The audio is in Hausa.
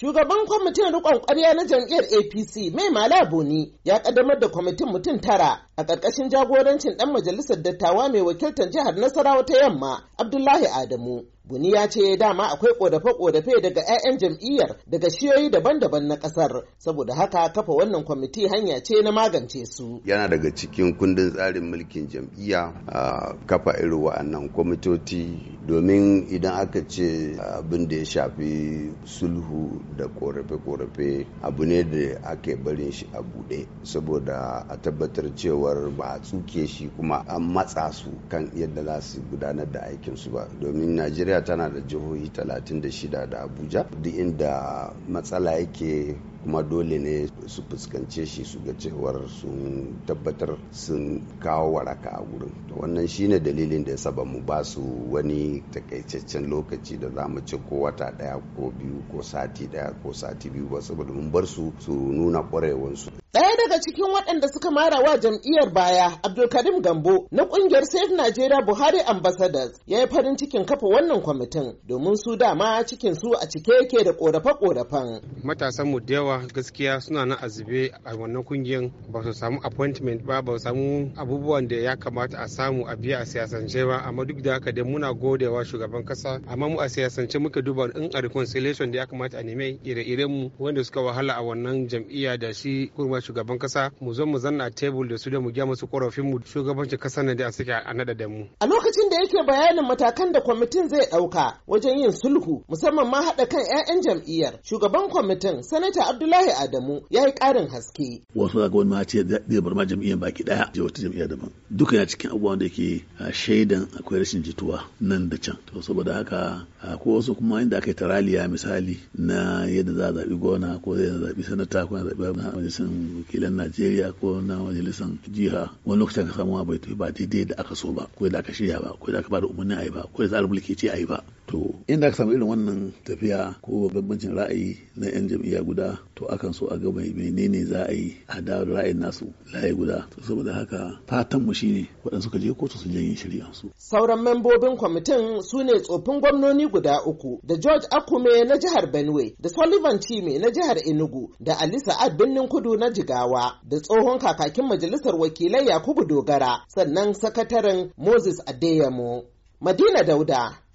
Shugaban kwamitin rikon ƙwarya na jam'iyyar APC Mai Mala Boni ya ƙaddamar da kwamitin mutum tara a ƙarƙashin jagorancin ɗan majalisar dattawa mai wakiltar jihar Nasarawa ta yamma Abdullahi Adamu. Buni ya ce dama akwai ƙodafe-ƙodafe daga 'ya'yan jam'iyyar daga shiyoyi daban-daban na ƙasar, saboda haka kafa wannan kwamiti hanya ce na magance su. Yana daga cikin kundin tsarin mulkin jam'iyya kafa irin wa'annan kwamitoci domin idan aka ce abin da ya shafi sulhu da korafe-korafe abu ne da ake barin shi a bude saboda a tabbatar cewar ba a tsuke shi kuma an matsa su kan yadda za su gudanar da aikinsu ba domin najeriya tana da jihohi 36 da abuja duk inda matsala yake kuma dole ne su fuskance shi su ga cewar sun tabbatar sun kawo waraka a gurin to wannan shine dalilin da ya saba mu ba su wani takaitaccen lokaci da za mu ci ko wata daya ko biyu ko sati daya ko sati biyu ba saboda mun bar su su nuna kwarewansu daga cikin waɗanda suka mara wa jam'iyyar baya Abdulkarim Gambo na ƙungiyar safe Nigeria Buhari Ambassadors ya yi farin cikin kafa wannan kwamitin domin su dama cikin su a cike yake da ƙorafe-ƙorafen. Matasan mu da yawa gaskiya suna nan azube a wannan ƙungiyar ba su samu appointment ba ba su samu abubuwan da ya kamata a samu a biya a siyasance ba amma duk da haka dai muna godewa shugaban kasa amma mu a siyasance muka duba in a reconciliation da ya kamata a neme ire-iren mu wanda suka wahala a wannan jam'iyya da shi kurma shugaban kasa kasa mu zo mu zanna tebul da su da mu gya musu korafin mu shugabancin kasar ne da suke a nada da mu. A lokacin da yake bayanin matakan da kwamitin zai ɗauka wajen yin sulhu musamman ma hada kan 'ya'yan jam'iyyar shugaban kwamitin sanata Abdullahi Adamu ya yi karin haske. Wasu daga wani ma ce zai bar ma jam'iyyar baki daya je wata jam'iyyar daban. Duka yana cikin abubuwan da ke shaidan akwai rashin jituwa nan da can. To saboda haka ko wasu kuma inda aka yi taraliya misali na yadda za a zaɓi gona ko zai zaɓi sanata ko zaɓi majalisar wakilan najeriya ko na majalisar jiha wani lokacin ka samu bai ba daidai da aka so ba ko da aka shirya ba ko da aka da umarni a yi ba ko da tsarin mulki ce a yi ba to inda aka samu irin wannan tafiya ko bambancin ra'ayi na 'yan jam'iyya guda to akan so a ga mai menene za a yi a da ra'ayin nasu layi guda to saboda haka fatan mu shine waɗanda suka je kotu su janye shari'an su sauran membobin kwamitin su ne tsofin gwamnoni guda uku da George Akume na jihar Benue da Sullivan Chime na jihar Enugu da Ali Sa'ad Birnin Kudu na Jigawa da tsohon kakakin majalisar wakilai Yakubu Dogara sannan sakataren Moses Adeyemo Madina Dauda